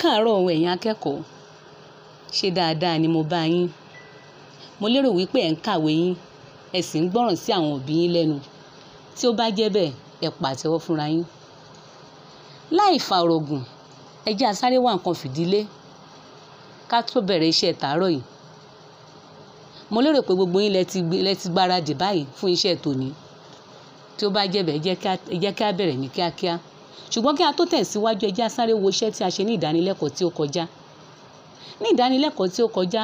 káàárọ̀ ohun ẹ̀yin akẹ́kọ̀ọ́ ṣe dáadáa ni mo bá yín mo lérò wípé ẹ̀ ń kàwé yín ẹ sì ń gbọ́ràn sí àwọn òbí yín lẹ́nu tí ó bá jẹ́ bẹ́ẹ̀ ẹ pàtẹ́wọ́ fúnra yín láì fa orogùn ẹ jẹ́ asáré wá nǹkan fìdílé ká tó bẹ̀rẹ̀ iṣẹ́ tàárọ̀ yìí mo lérò pé gbogbo yín lẹ ti gbáradì báyìí fún iṣẹ́ tòní tí ó bá jẹ́ bẹ́ẹ̀ ẹ jẹ́ kí a bẹ̀rẹ̀ ní kíákíá. Kíá ṣùgbọ́n kí a tó tẹ̀síwájú ẹ jẹ́ a sáré wo iṣẹ́ tí a ṣe ní ìdánilẹ́kọ̀ọ́ tí ó kọjá ní ìdánilẹ́kọ̀ọ́ tí ó kọjá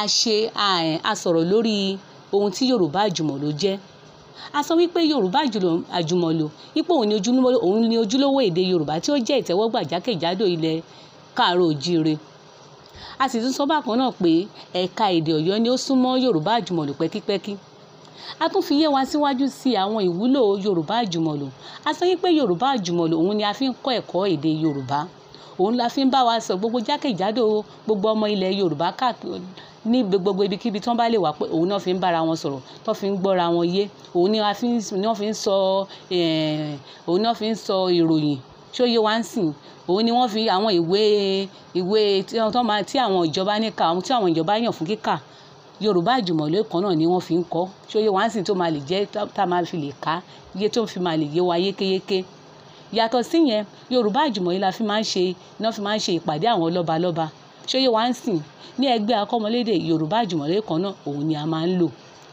a ṣe a sọ̀rọ̀ lórí ohun tí Yorùbá àjùmọ̀lò jẹ́ a sọ wípé Yorùbá àjùmọ̀lò ipò òun ni ojúlówó èdè Yorùbá tí ó jẹ́ ìtẹ́wọ́gbà jákèjádò ilẹ̀ káàárọ̀ òjíire a sì tún sọ bákan náà pé ẹ̀ka èdè Ọ̀yọ́ ni ó súnmọ́ Yorùbá àjùmọ̀lò pẹ́kípẹ́kí a tún fi yé wa síwájú sí àwọn ìwúlò yorùbá àjùmọ̀lò a sọ wípé yorùbá àjùmọ̀lò òun ni a fi ń kọ́ ẹ̀kọ́ èdè yorùbá òun la fi ń bá wa sọ gbogbo jákèjádò gbogbo ọmọ ilẹ̀ yorùbá káàkiri ní gbogbo ibikíbi tí wọ́n bá lè wà pé òun náà fi ń bára wọn sọ̀rọ̀ tó fi ń gbọ́ra wọn yé òun ni wọ́n fi ń sọ òun náà fi ń sọ ìròyìn ṣóyé wá ń sìn òun ni wọ́n fi àwọn ìwé ìwé tí àwọn ìjọba ní kà tí àwọn ìjọba yàn fún kíkà Yorùbá àjùmọ̀lò kan náà ni wọ́n fi ń kọ ṣó yé wa ń sìn tó máa lè jẹ́ tá a máa fi lè kà iye tó fi máa lè yé wa yékéyéké yàtọ̀ síyẹn Yorùbá àjùmọ̀yé la fi máa ń ṣe iná fi máa ń ṣe ìpàdé àwọn lọ́balọ́ba ṣóyé wa ń sìn ní ẹgbẹ́ akọ́mọlédè Yorùbá àjùmọ̀lé kan náà òun ni a máa ń lò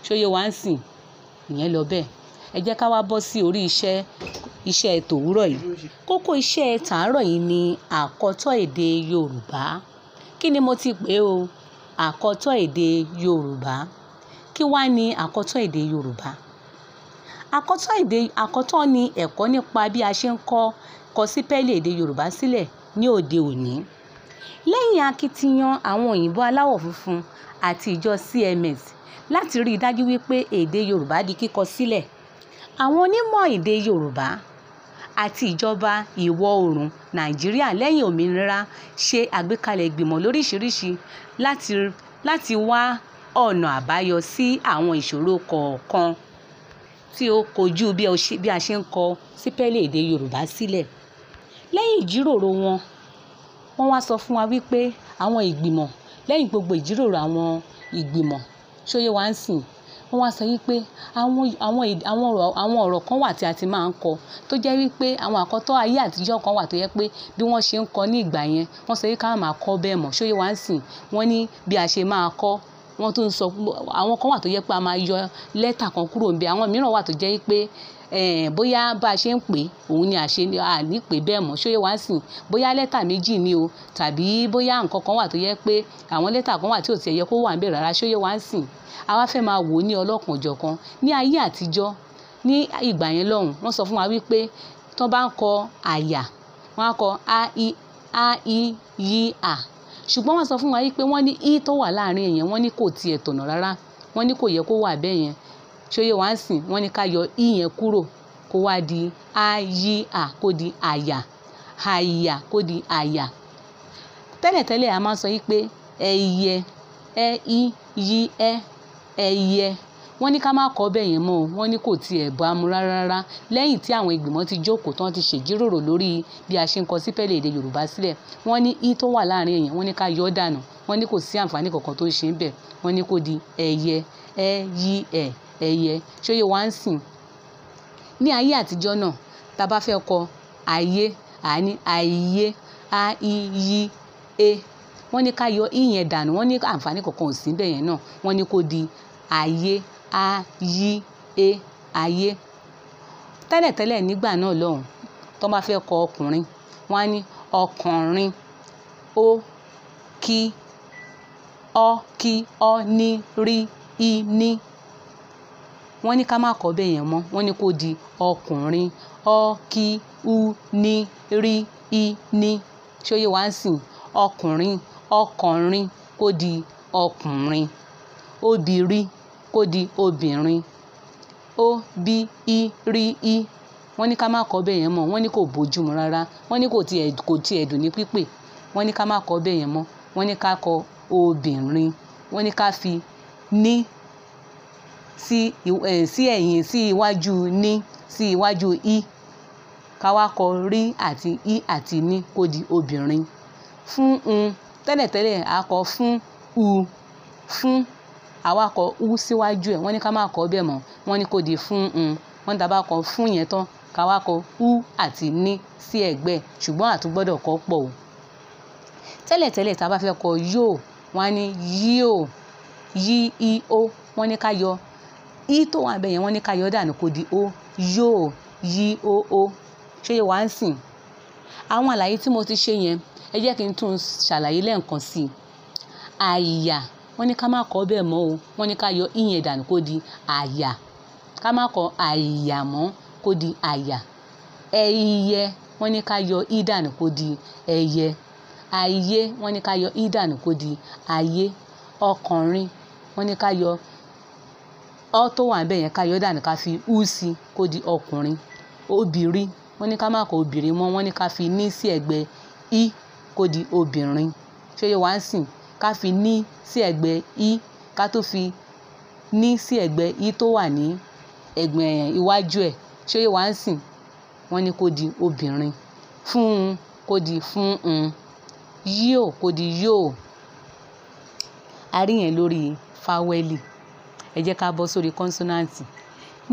ṣóyé wa ń sìn ìyẹn lọ bẹ́ẹ̀ ẹ jẹ́ ká wá bọ́ sí orí iṣẹ́ iṣẹ́ tòwúrọ̀ yìí kókó iṣẹ́ tàárọ̀ yìí ni àkọ́tọ̀ èdè Yorùbá kí ni mo ti pè é o àkọ́tọ̀ èdè Yorùbá. Kí wá ni àkọ́tọ̀ èdè Yorùbá? Àkọ́tọ̀ èdè, àkọ́tọ̀ ni ẹ̀kọ́ nípa bí a ṣe ń kọ, kọ sípẹ́lì èdè Yorùbá sílẹ̀ ní òde òní. Lẹ́yìn akitiyan àwọn òyìnbó aláwọ̀ funfun àti ìjọ CMS láti rí i dájú wípé èdè Yorùbá di kíkọ sílẹ̀, àwọn onímọ̀ èdè Yorùbá àti ìjọba ìwọ̀-oòrùn nàìjíríà lẹ́yìn òmìnira ṣe àgbékalẹ̀ ìgbìmọ̀ lóríṣiríṣi láti láti wá ọ̀nà àbáyọ sí àwọn ìṣòro kọ̀ọ̀kan tí ó kojú bí a ṣe ń kọ sípẹ́lì èdè yorùbá sílẹ̀ lẹ́yìn ìjíròrò wọn wọ́n wá sọ fún wa wípé àwọn ìgbìmọ̀ lẹ́yìn gbogbo ìjíròrò àwọn ìgbìmọ̀ ṣóyé wa ń sìn wọ́n wá sọ wípé àwọn àwọn àwọn ọ̀rọ̀ àwọn ọ̀rọ̀ kan wà tí a ti máa ń kọ tó jẹ́ wípé àwọn àkọ́tọ́ ayé àtijọ́ kan wà tó yẹ pé bí wọ́n ṣe ń kọ ní ìgbà yẹn wọ́n sọ wípé ká máa kọ bẹ́ẹ̀ mọ̀ ṣóyè wá ń sìn wọ́n ní bí a ṣe máa kọ wọ́n tún ń sọ àwọn kan wà tó yẹ pé a máa yọ lẹ́tà kan kúrò níbẹ̀ àwọn mìíràn wà tó jẹ́ wípé Eh, bóyá bá a ṣe ń pè òun ni àṣe àní pè bẹ́ẹ̀ mọ́ ṣóyè wá sìn bóyá lẹ́tà méjì ni o tàbí bóyá nǹkan kan wà tó yẹ pé àwọn lẹ́tà kan wà tí ò tiẹ̀ yẹ kó wà ń rárá ṣóyè wá sìn àwa fẹ́ máa wò ó ní ọlọ́kan-ò-jọ̀kan ní ayé àtijọ́ ní ìgbà yẹn lọ́hùn wọ́n sọ fún wa wípé tó bá ń kọ àyà wọ́n á kọ a i yi a ṣùgbọ́n wọ́n sọ fún wa wípé wọ́n ní i tó wà láàrin ṣóyè wá ń sìn wọ́n ní ká yọ i yẹn kúrò kó wá di ayíà kó di àyà àyà kó di àyà tẹ́lẹ̀tẹ́lẹ̀ a máa ń sọ yí pé ẹyẹ ẹ i yí ẹ ẹyẹ wọ́n ní ká má kọ́ bẹ́ẹ̀ yẹn mọ́ wọ́n ní kò tiẹ̀ bá mu rárá lẹ́yìn tí àwọn ìgbìmọ̀ ti jókòó tán ti ṣèjíròrò lórí bí a ṣe ń kọ sípẹ́lẹ̀ èdè yorùbá sílẹ̀ wọ́n ní i tó wà láàrin èèyàn wọ́n ní ká yọ ọ́ dànù wọ́n ní kò sí àǹfààní kankan tó ṣe ń bẹ̀ wọ́n ní kó di ẹyẹ ẹ yí ẹ̀ ẹyẹ ṣóyè wá ń sìn ní ayé àtijọ́ náà tá a bá fẹ́ kọ ayé àní àìyé àìyíe wọ́n ní ká yọ ìyẹn dànù wọ́n ní àǹfààní kankan ò sí bẹ́ẹ̀ yẹn náà wọ́n ní kó di ayé àyíe ayé tẹ́lẹ̀tẹ́lẹ̀ nígbà náà lọ́hùn tó bá fẹ́ kọ ọkùnrin wọ́n á ní ọkùnrin ó kí ọ kí ọ ní rí i ní. Wọ́n ní ká má kọ bẹ́ẹ̀ yẹn mọ́. Wọ́n ní kó di ọkùnrin. Ọ-ki-u-ni-rí-i-ní. Ṣé ó yé wa ń sìn? Ọkùnrin, ọkọ̀nrin kó di ọkùnrin. Obìnrí kó di obìnrin. O-bí-í-rí-í. Wọ́n ní ká má kọ bẹ́ẹ̀ yẹn mọ́. Wọ́n ní kò bójú mu rárá. Wọ́n ní kò ti ẹ̀, kò ti ẹ̀ dùn ní pípé. Wọ́n ní ká má kọ yẹn mọ́. Wọ́n ní ká kọ obìnrin. Wọ́n ní ká fi ní sí eh, sí ẹ̀yìn sí iwájú ní sí iwájú i ká wá kọ rí àti i àti ní kó di obìnrin fún un tẹ́lẹ̀tẹ́lẹ̀ a kọ fún u fún àwa kọ u síwájú ẹ̀ wọ́n ní ká má kọ bẹ́ẹ̀ mọ́ wọ́n ní kó di fún un wọ́n ní a bá kọ fún yẹn tán ká wá kọ u àti ní sí ẹ̀gbẹ́ ṣùgbọ́n àtúgbọ́dọ̀ kọ pọ̀ o tẹ́lẹ̀tẹ́lẹ̀ tá a bá fẹ́ kọ yóò wọ́n á ní yíò yí i ó wọ́n ní ká yọ i tó wà bẹ́ẹ̀ yẹn wọ́n ní ká yọ dànù kó di o yóò yí o o ṣé yẹ wá ń sìn àwọn àlàyé tí mo ti ṣe yẹn ẹ jẹ́ kí n tún ṣàlàyé lẹ́ẹ̀kan sí i àyà wọ́n ní ká má kọ́ bẹ́ẹ̀ mọ́ o wọ́n ní ká yọ ìyẹn dànù kó di àyà ká má kọ́ àyà mọ́ kó di àyà ẹyẹ wọ́n ní ká yọ í dànù kó di ẹyẹ ayé wọ́n ní ká yọ í dànù kó di ayé ọkùnrin wọ́n ní ká yọ ọ tó wà níbẹ̀ yẹn ká yọ dànù ká fi ú sí kó di ọkùnrin obìnrin wọ́n ní ká má kọ obìnrin mọ́ wọ́n ní ká fi ní sí ẹ̀gbẹ́ í kó di obìnrin ṣé yẹ wá ń sìn ká fi ní sí ẹ̀gbẹ́ í ká tó fi ní sí ẹ̀gbẹ́ í tó wà ní ẹ̀gbẹ́ iwájú ẹ̀ ṣé yẹ wá ń sìn wọ́n ní kó di obìnrin fún un kó di fún un yíò kó di yóò a lórí fáwẹ́lì ẹ jẹ́ ká bọ́ sórí kọ́nsọ́nàǹtì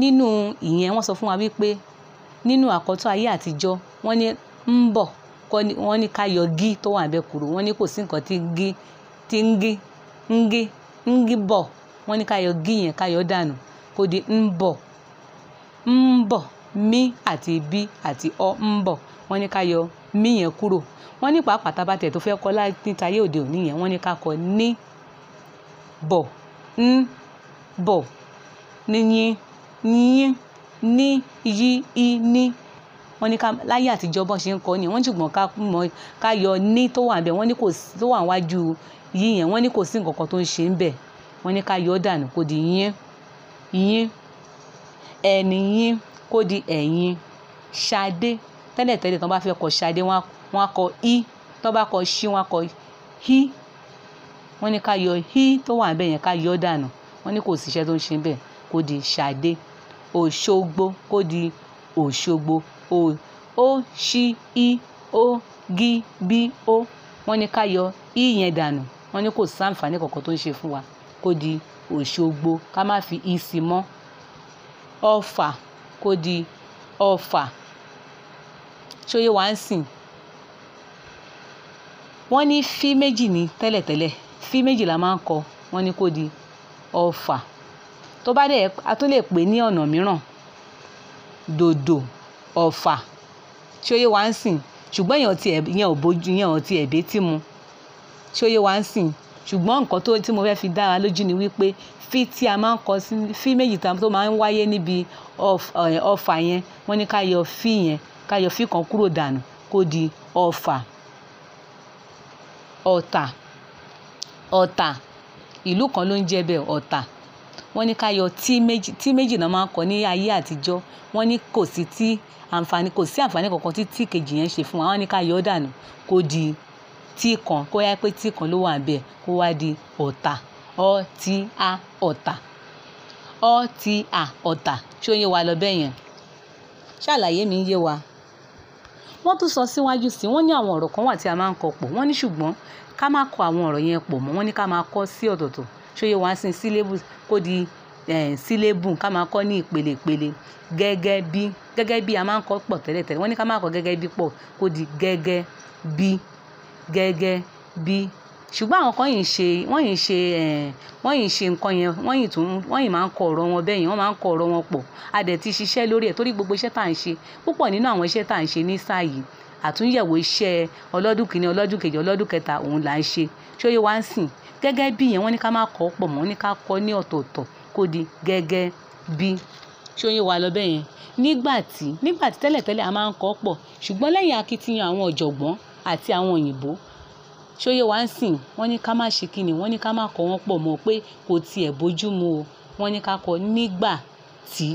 nínú ìyẹn wọ́n sọ fún wa wípé nínú àkọ́tọ̀ ayé àtijọ́ wọ́n ní ń bọ̀ wọ́n ní ká yọ gí tó wà bẹ́ẹ̀ kúrò wọ́n ní kò sí nǹkan tí gí tí ń gí ń gí ń gí bọ̀ wọ́n ní ká yọ gí yẹn ká yọ dànù kó di ń bọ̀ ń bọ̀ mí àti bí àti ọ ń bọ̀ wọ́n ní ká yọ mí yẹn kúrò wọ́n ní pàápàá tábàtẹ̀ tó fẹ́ kọ́ láti ayé òde òní yẹn wọ́n ní ká kọ ní bọ̀ ń bọ̀ ní yín ní yín ní yí í ní wọ́n ní ká láyé àtijọ́ bọ́n ṣe ń kọ́ ni wọ́n ṣùgbọ́n ká mọ̀ ká yọ ní tó wà níbẹ̀ wọ́n ní kò sí tó wà níwájú yín yẹn wọ́n ní kò sí nǹkan kan tó ń ṣe ń bẹ̀ wọ́n ní ká yọ dànù kó di yín yín ẹni yín kó di ẹ̀yin ṣadé tẹ́lẹ̀tẹ́lẹ̀ tó bá fẹ́ kọ ṣadé wọ́n á kọ í tó bá kọ ṣí wọ́n á kọ hí wọ́n ní ká yọ hí tó wà níbẹ̀ yẹn ká yọ dànù wọ́n ní kò sí iṣẹ́ tó ń ṣe bẹ́ẹ̀ kó di Ṣadé. Òṣogbo kó di Òṣogbo. Ó ṣí í ó gí bí ó. Wọ́n ní ká yọ í yẹn dànù. Wọ́n ní kò sí àǹfààní kankan tó ń ṣe fún wa kó di Òṣogbo ká má fi í mọ́. Ọ̀fà kó di Ọ̀fà. Ṣé ó ń sìn? Wọ́n ní fí méjì ní tẹ́lẹ̀tẹ́lẹ̀. Fí méjì la máa ń kọ. Wọ́n ní kó di ọfà tó bá dẹ̀ a tún lè pè é ní ọ̀nà mìíràn dòdò ọ̀fà tí ó yé wa ń sìn ṣùgbọ́n èèyàn tiẹ̀ yẹn ò bójú yẹn ò tiẹ̀ bẹ́ tí mu tí ó yé wa ń sìn ṣùgbọ́n nǹkan tó tí mo fẹ́ fi dára lójú ni wípé fí tí a máa ń kọ sí fí méjì tó máa ń wáyé níbi ọ̀fà yẹn wọ́n ní ká yọ fí yẹn ká yọ fí kan kúrò dànù kó di ọ̀fà ọ̀tà ọ̀tà ìlú kan ló ń jẹ́ bẹ́ẹ̀ ọ̀tà wọ́n ní ká yọ tí méjì tí méjì náà máa ń kọ ní ayé àtijọ́ wọ́n ní kò sí tí àǹfààní kò sí àǹfààní kankan tí tí kejì yẹn ṣe fún wa wọ́n ní ká yọ ọ́ dànù kó di tí kan kó yá pé tí kan ló wà bẹ́ẹ̀ kó wá di ọ̀tà ọ́ ti a ọ̀tà ọ́ ti a ọ̀tà ṣó yé wa lọ bẹ́ẹ̀ yẹn ṣàlàyé mi yé wa wọ́n tún sọ síwájú sí wọ́n ní àwọn ọ̀rọ̀ kan wà tí a máa ń kọ pọ̀ wọ́n ní ṣùgbọ́n ká má kọ àwọn ọ̀rọ̀ yẹn pọ̀ mọ́ wọ́n ní ká máa kọ sí ọ̀tọ̀ọ̀tọ̀ ṣóyè wá sí sílébù kó di sílébù ká máa kọ ní ìpele gẹ́gẹ́ bí gẹ́gẹ́ bí a máa ń kọ pọ̀ tẹ́lẹ̀tẹ́lẹ̀ wọ́n ní ká má kọ gẹ́gẹ́ bí pọ̀ kó di gẹ́gẹ́ bí gẹ́gẹ́ bí ṣùgbọ́n àwọn kan yìí ń ṣe wọ́n yìí ń ṣe wọ́n yìí ń ṣe nǹkan yẹn wọ́n yìí tún wọ́n yìí máa ń kọ ọ̀rọ̀ wọn bẹ́ẹ̀ wọ́n máa ń kọ ọ̀rọ̀ wọn pọ̀ a ti ṣiṣẹ́ lórí ẹ̀ torí gbogbo iṣẹ́ tá à ń ṣe púpọ̀ nínú àwọn iṣẹ́ tá à ń ṣe ní sáà yìí àtúnyẹ̀wò iṣẹ́ ọlọ́dún kìíní ọlọ́dún kejì ọlọ́dún kẹta òun là ń ṣe ṣóyè wá ń sìn gẹ́gẹ́ bí yẹn wọ́n ní ká má kọ́ pọ̀ mọ́ ní ká kọ́ ní ọ̀tọ̀ọ̀tọ̀ kó di gẹ́gẹ́ bí ṣóyè wá lọ bẹ́ẹ̀ yẹn nígbàtí nígbàtí tẹ́lẹ̀tẹ́lẹ̀ a máa ń kọ́ pọ̀ ṣùgbọ́n lẹ́yìn akitiyan àwọn ọ̀jọ̀gbọ́n àti àwọn òyìnbó ṣó yé wa ń sìn wọ́n ní ká má ṣe kíni wọ́n ní ká má kọ́ wọn pọ̀ mọ́ pé kò tiẹ̀ bójú mu o wọ́n ní ká kọ́ nígbà tí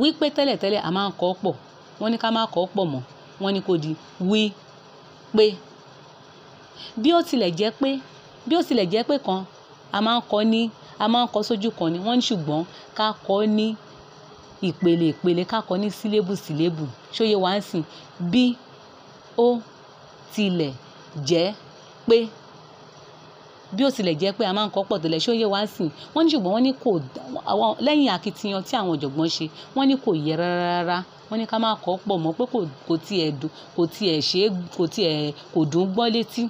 wípé tẹ́lẹ̀tẹ́lẹ̀ a máa ń kọ́ pọ̀ wọ́n ní ká má kọ́ pọ̀ mọ́ wọ́n ní kò di wí pé bí ó tilẹ̀ jẹ́ pé bí ó tilẹ̀ jẹ́ pé kan a máa ń kọ́ ní a máa ń kọ́ sójú kan ni wọ́n ní ṣùgbọ́n ká kọ́ ní ìpele ìpele ká kọ́ ní sílébù sílébù ṣóyè wá ń sìn bí ó tilẹ̀ jẹ́ pé bí ó tilẹ̀ jẹ́ pé a máa ń kọ́ pọ̀ tẹ́lẹ̀ ṣé ó yé wa sìn wọ́n ní ṣùgbọ́n wọ́n ní kò àwọn lẹ́yìn akitiyan tí àwọn ọ̀jọ̀gbọ́n ṣe wọ́n ní kò yẹ rárá wọ́n ní ká máa kọ́ pọ̀ mọ́ pé kò tiẹ̀ dùn kò tiẹ̀ ṣe é kò tiẹ̀ kò dùn gbọ́ létí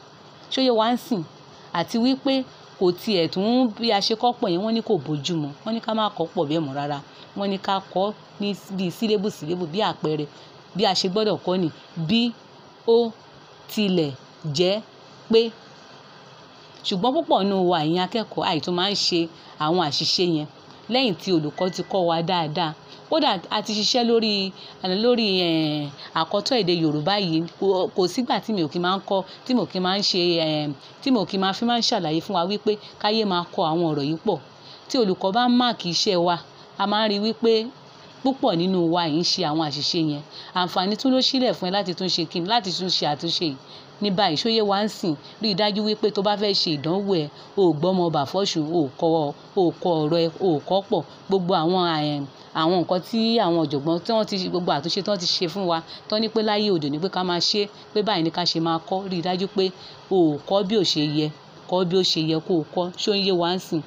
ṣé ó yé wa sìn àti wípé kò tiẹ̀ tún bí a ṣe kọ́ pọ̀ yẹn wọ́n ní kò bójú mu wọ́n ní ká máa kọ́ pọ̀ bẹ́ẹ̀ mọ́ rárá wọ́n ní ká kọ́ ní bíi sílébù sílébù bí àpẹẹrẹ bí a ṣe gbọ́dọ̀ kọ́ ni bí ó tilẹ̀ jẹ́ pé ṣùgbọ́n púpọ̀ nínú wa ẹ̀yin akẹ́kọ̀ọ́ àìtún máa ń ṣe àwọn àṣìṣe yẹn lẹ́yìn tí olùkọ́ ti kọ́ wa dáadáa kódà a ti ṣiṣẹ́ lórí lórí àkọ́tọ̀ èdè Yorùbá yìí kò sígbà tí mi ò kí máa ń kọ́ tí mo kí máa ń ṣe tí mo kí máa fi máa ń ṣàlàyé fún wa wípé káyé máa kọ àwọn ọ̀rọ̀ yìí pọ̀ tí olùkọ́ bá máàkì iṣẹ́ wa a máa ń rí wípé púpọ̀ nínú wa yìí ń ṣe àwọn àṣìṣe yẹn àǹfààní tún ló sílẹ̀ fún ẹ láti tún ṣe kíni láti tún ṣe àtúnṣe yìí ní báyìí ṣóyè wá ń sìn rí i dájú wípé tó bá fẹ́ ṣe ìdánwò ẹ o gbọ́mọ bàfọ́ṣù o kọ o kọ ọ̀rọ̀ ẹ o kọ́ pọ̀ gbogbo àwọn àwọn nǹkan tí àwọn ọ̀jọ̀gbọ́n tí wọ́n ti gbogbo àtúnṣe tí wọ́n ti ṣe fún wa tán ní pé láyé òde ní pé ká máa ṣe pé báyìí ní ká ṣe máa kọ́ rí i dájú pé o kọ́ bí ò ṣe yẹ kọ́ bí ó ṣe yẹ kó o kọ́ ṣó wá ń sìn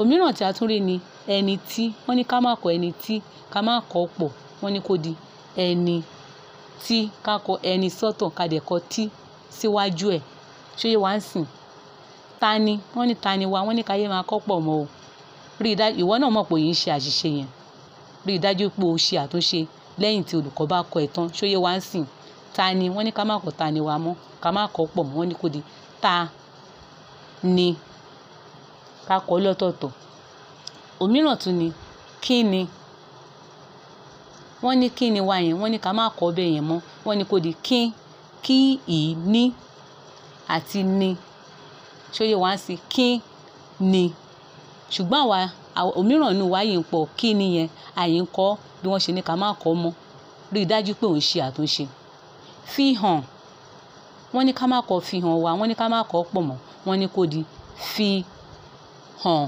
òmíràn tí a tún rí ni ẹni tí wọ́n ní ká má kọ ẹni tí ká má kọ pọ̀ wọ́n ní kó di ẹni tí ká kọ ẹni sọ́tọ̀ ká dẹ̀ kọ tí síwájú ẹ̀ ṣó yé wa ń sìn tani wọ́n ní tani wa wọ́n ní káyé máa kọ pọ̀ mọ́ o rí i dájú ìwọ náà mọ̀ pé òyìn ṣe àṣìṣe yẹn rí i dájú pé o ṣe àtúnṣe lẹ́yìn tí olùkọ́ bá kọ ẹ̀ tán ṣó yé wa ń sìn tani wọ́n ní ká má kọ tani wa mọ́ ká má kọ pọ̀ mọ́ wọ́n ní kó di ta ni ká kọ lọ́tọ̀ọ̀tọ̀ Òmíràn tún ni kí ni. Wọ́n ní kí ni wa yẹn, wọ́n ní ká má kọ bẹ́ẹ̀ yẹn mọ́. Wọ́n ní kó di kí, kí ì ní àti ni. Ṣó yé wa ń sin? Kí ni. Ṣùgbọ́n àwa, òmíràn nínú wa yìí ń pọ kí ni yẹn, àì ń kọ bí wọ́n ṣe ní ká má kọ mọ́. Rí i dájú pé ò ṣe àtúnṣe. Fi hàn. Wọ́n ní ká má kọ fi hàn wa, wọ́n ní ká má kọ pọ̀ mọ́. Wọ́n ní kó di fi hàn.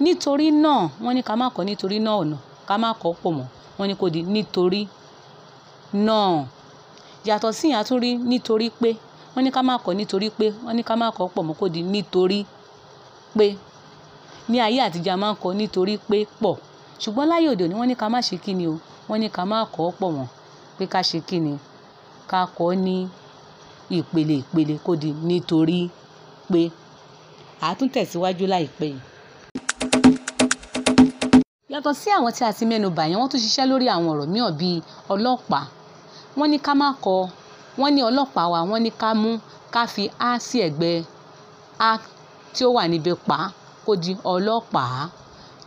Nítorí náà wọ́n ní ká má kọ nítorí náà nù, ká má kọ pọ̀ mọ́. Wọ́n ní kó di nítorí náà. Yàtọ̀ sí ìyẹn a tún rí nítorí pé. Wọ́n ní ká má kọ nítorí pé. Wọ́n ní ká má kọ pọ̀ mọ́ kó di nítorí pé. Ní ayé àtijọ́ a máa ń kọ nítorí pé pọ̀. Ṣùgbọ́n láyé òde òní wọ́n ní ká má ṣe kí ni o. Wọ́n ní ká má kọ pọ̀ mọ́ pé ká ṣe kí ni. Ká kọ ní ìpele ìpele kó di nítorí pé. A tún tẹ̀síwájú láìpẹ́ yìí yàtọ̀ sí àwọn tí a ti mẹ́nu bà yẹn wọ́n tún ṣiṣẹ́ lórí àwọn ọ̀rọ̀ mìíràn bíi ọlọ́pàá wọ́n ní ká má kọ wọ́n ní ọlọ́pàá wa wọ́n ní ká mú ká fi á sí ẹ̀gbẹ́ á tí ó wà níbi pa kó di ọlọ́pàá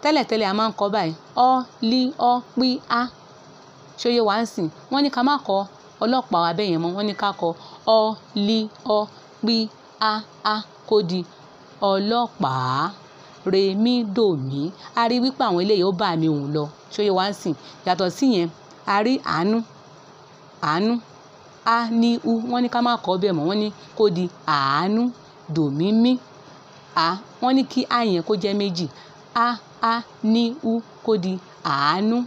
tẹ́lẹ̀tẹ́lẹ̀ a máa ń kọ báyìí ọ lí ọ pí á ṣòye wá ń sìn wọ́n ní ká má kọ ọlọ́pàá wa bẹ́yẹn mọ́ wọ́n ní ká kọ ọ lí ọ pí á á kó di ọlọ́pàá re mi do mi a rí wípé àwọn eléyìí ó bá mi òun lọ ṣó wá sìn yàtọ̀ sí a rí àánú àánú a ní u wọ́n ní ká má kọ́ bẹ́ẹ̀ mọ́ wọ́n ní kó di àánú dò mí a wọ́n ní kí a yẹn kó jẹ́ méjì a a ní u kó di àánú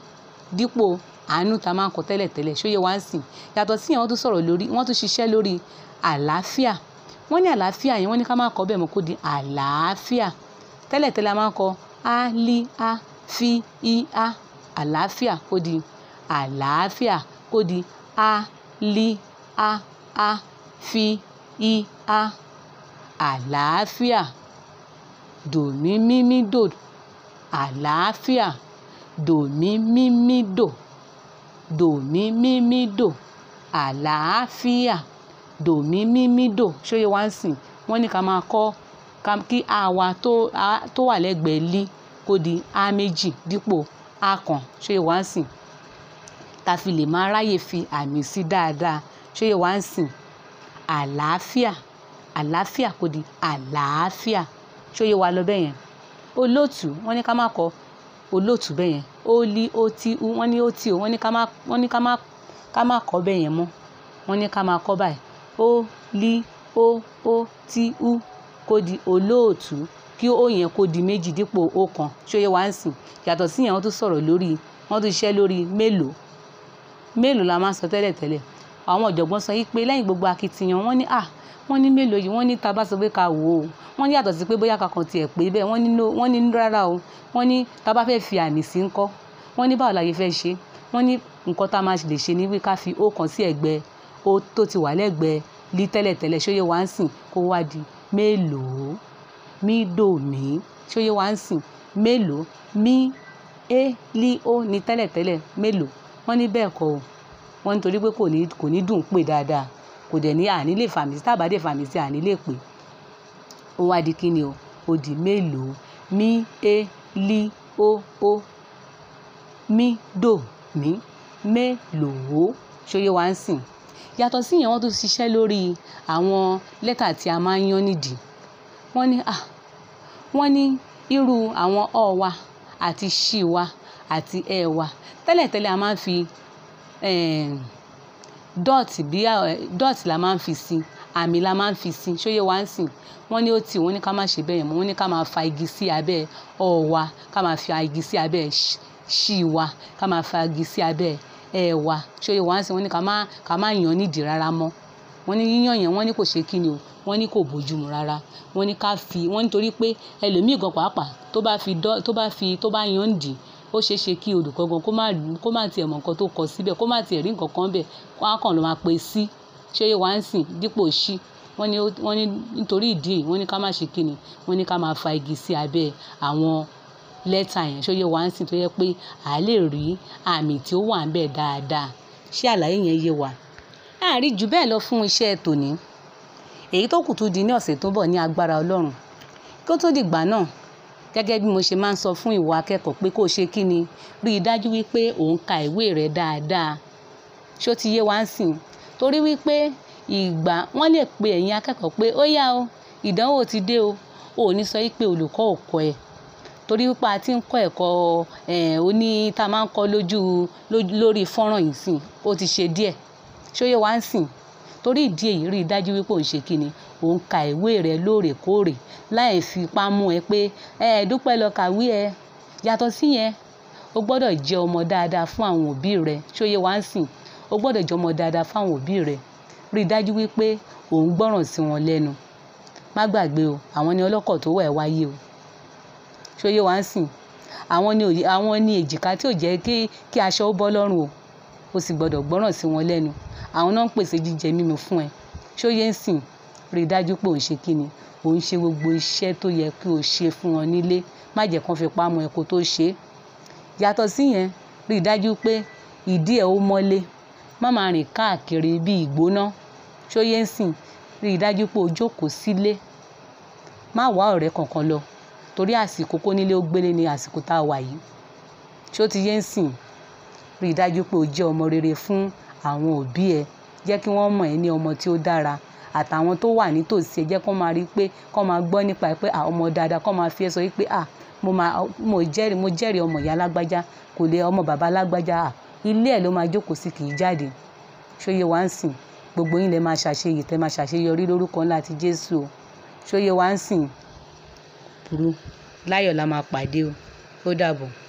dípò àánú tá a máa ń kọ tẹ́lẹ̀tẹ́lẹ̀ ṣó yẹ wá ń sìn yàtọ̀ sí yẹn wọ́n tún sọ̀rọ̀ lórí wọ́n tún ṣiṣẹ́ lórí àlàáfíà wọ́n ní àlàáfíà yẹn wọ́n ní ká má kọ́ bẹ́ẹ̀ mọ́ kó di àlàáfíà tẹ́lẹ̀tẹ́lẹ̀ a máa ń kọ A lí A fí I A àlàáfíà ó di àlàáfíà ó di A lí á A fí í A àlàáfíà dòmí mímí dò àlàáfíà dòmí mímí dò dòmí mímí dò àlàáfíà dòmí mímí dò ṣó yẹ wá ń sìn wọ́n ní ká máa kọ́ kí a wa tó wà lẹ́gbẹ̀ẹ́ lé kó di a méjì dípò a kan ṣó yé wa ń sìn ta fi lè máa ráyè fi àmì sí dáadáa ṣó yé wa ń sìn àlàáfíà àlàáfíà kó di àlàáfíà ṣó yé wa lọ bẹ́ẹ̀ yẹn olóòtú wọ́n ní ká má kọ olóòtú bẹ́ẹ̀ yẹn ó lí ó tí wọ́n ní ó tí o wọ́n ní ká má kọ bẹ́ẹ̀ yẹn mọ́ wọ́n ní ká má kọ báyìí ó lí ó ó tí u kó di olóòtú kí ó yẹn kó di méjì dípò ọ̀kan ṣó yẹ wá ń sìn yàtọ̀ sí yẹn wọ́n tún sọ̀rọ̀ lórí wọ́n tún ṣiṣẹ́ lórí mélòó mélòó la máa ń sọ tẹ́lẹ̀tẹ́lẹ̀ àwọn ọ̀jọ̀gbọ́n sọ yìí pé lẹ́yìn gbogbo akitiyan wọ́n ní à wọ́n ní mélòó yìí wọ́n ní tá bá sọ pé ká wò ó wọ́n ní yàtọ̀ sí pé bóyá kankan tiẹ̀ pé bẹ́ẹ̀ wọ́n ní rárá o wọ́n ní tá bá fẹ́ fi àmì sí ńkọ́ wọ́n ní báwo la yẹ fẹ́ ṣe wọ́n ní nǹkan tá a máa lè ṣe ní wí ká fi ó kan sí ẹ̀gbẹ́ ó tó ti wà lẹ́gbẹ̀ẹ́ lí tẹ́lẹ̀tẹ́lẹ̀ ṣóyè wá ń sìn kó wá di mélòó, mi dò mí, ṣé ó yé wa ń sìn? Mélòó, mí, é, lí, ó ni tẹ́lẹ̀tẹ́lẹ̀ mélòó. Wọ́n ní bẹ́ẹ̀ kọ́ o. Wọ́n ní torí pé kò ní, kò ní dùn pé dáadáa. Kò dẹ̀ ní, a ní lè fàmì sí, tí a fàmì sí, a lè pè. Ó wá di kí ni o? Ó di mélòó, mí, é, lí, ó, ó. Mí dò mí, mélòó, ṣé ó wa ń sìn? Yàtọ̀ sí ìyẹn wọ́n tún ṣiṣẹ́ lórí àwọn lẹ́tà tí a máa ń yán nídìí. Wọ́n ní, à, ah! wọ́n ní irú àwọn ọ wa àti ṣí wa àti ẹ wa. Tẹ́lẹ̀tẹ́lẹ̀ a máa ń fi, ẹ́ń, eh, dọ́ọ̀tì bí, dọ́ọ̀tì la máa ń fi sí, àmì la máa ń fi sí. Ṣé ó yé wa ń sìn? Wọ́n ní ó ti, wọ́n ní ká má ṣe bẹ́ẹ̀ mọ́. Wọ́n ní ká máa fa igi sí abẹ́ ọ wa, ká máa fi igi sí abẹ́ ṣí wa, ká máa fa igi sí abẹ́ ẹ̀wà ṣòye wàá sìn wọ́n ní ká má ká má yàn nídìí rárá mọ́ wọ́n ní yíyàn yẹn wọ́n ní kò ṣe kí ni o wọ́n ní kò bójúmu rárá wọ́n ní ká fi wọ́n nítorí pé ẹlòmíì gan pàápàá tó bá fi dọ́ tó bá fi tó bá yàn dì ó ṣeé ṣe kí olùkọ́ gan kó má kó má tiẹ̀ mọ̀ nǹkan tó kọ síbẹ̀ kó má tiẹ̀ rí nǹkan kan bẹ̀ wọ́n kàn lọ́ máa pe sí ṣóyè wá ń sìn dípò sí wọ́n ní nítorí ìdí èyí wọ́n ká má ṣe kí ni wọ́n ní ká máa fa igi sí abẹ́ àwọn lẹ́tà yẹn ṣó yẹ wá ń sìn tó yẹ pé à lè rí àmì tí ó wà ń bẹ̀ dáadáa ṣé àlàyé yẹn yé wa. láàrin jù bẹ́ẹ̀ lọ fún iṣẹ́ tòní èyí tó kù tún di ní ọ̀sẹ̀ tó bọ̀ ní agbára ọlọ́run kí ó tó dìgbà náà gẹ́gẹ́ bí mo ṣe máa ń sọ fún ìwọ akẹ́kọ̀ọ́ pé kó o ṣe kí ni rí i dájú wípé ò ka ìwé rẹ dáadáa ṣó ti yé wa ń sìn torí wípé ìgbà wọ́n lè pe ẹ̀yin akẹ́kọ̀ọ́ pé ó yá o ìdánwò ti dé o ò ní sọ wípé olùkọ́ ò kọ́ torí wípé a ti ń kọ́ ẹ̀kọ́ oní tá a máa ń kọ́ lójú lórí fọ́nrán yìí sìn ó ti ṣe díẹ̀ ṣóyè wá ń sìn torí ìdí èyí rí i dájú wípé òun ṣe kíni òun ka ìwé rẹ lóòrèkóòrè láì fi ipá mú ẹ pé ẹ dúpẹ́ lọ kàwé ẹ yàtọ̀ síyẹn o gbọ́dọ̀ jẹ́ ọmọ dáadáa fún àwọn òbí rẹ ṣóyè wá ń sìn o gbọ́dọ̀ jẹ́ ọmọ dáadáa fún àwọn òbí rẹ rí i dájú wípé òun gbọ́ràn sí wọn lẹ́nu má gbàgbé o àwọn ni ọlọ́kọ̀ tó wà wáyé o ṣó yé wa ń sìn àwọn ni òye àwọn ni èjìká tí ò jẹ́ kí kí aṣọ ó bọ́ lọ́rùn o o sì gbọ́dọ̀ gbọ́ràn sí wọn lẹ́nu àwọn náà ń pèsè jíjẹ mímu fún ẹ ṣó yé ń sìn rí i dájú pé ò ń ṣe kí ni ò ń ṣe gbogbo iṣẹ́ tó yẹ kí o ṣe fún wọn nílé má jẹ́ kán fi pamọ́ ẹ tó ṣe é yàtọ̀ síyẹn rí i dájú pé ìdí ẹ̀ ó mọ́lé má máa rìn káàkiri bí ìgbóná ṣó yé ń sìn rí i dájú pé o jókòó sílé má wá ọ̀rẹ́ kankan lọ torí àsìkò kó ó gbélé ni àsìkò tá a wà yìí ṣé ó ti yé ń sìn rí i dájú pé o jẹ́ ọmọ rere fún àwọn òbí ẹ jẹ́ kí wọ́n mọ̀ ẹ́ ní ọmọ tí ó dára àtàwọn tó wà nítòsí ẹ jẹ́ kó máa rí i pé kó máa gbọ́ nípa ẹ pé à ọmọ dáadáa kó máa fi ẹ sọ yìí pé à mo máa mo jẹ́rìí mo jẹ́rìí ọmọ ìyá lágbájá kò lè ọmọ bàbá lágbájá à ilé ẹ̀ ló máa jókòó sí kì í jáde ṣóyè wá ń sìn gbogbo yín lè máa ṣàṣeyìí tẹ́ máa ṣàṣeyọrí lórúkọ ńlá ti Jésù ṣóyè wá ń sìn kúrò. Láyọ̀ la máa pàdé o. Ó dàbọ̀.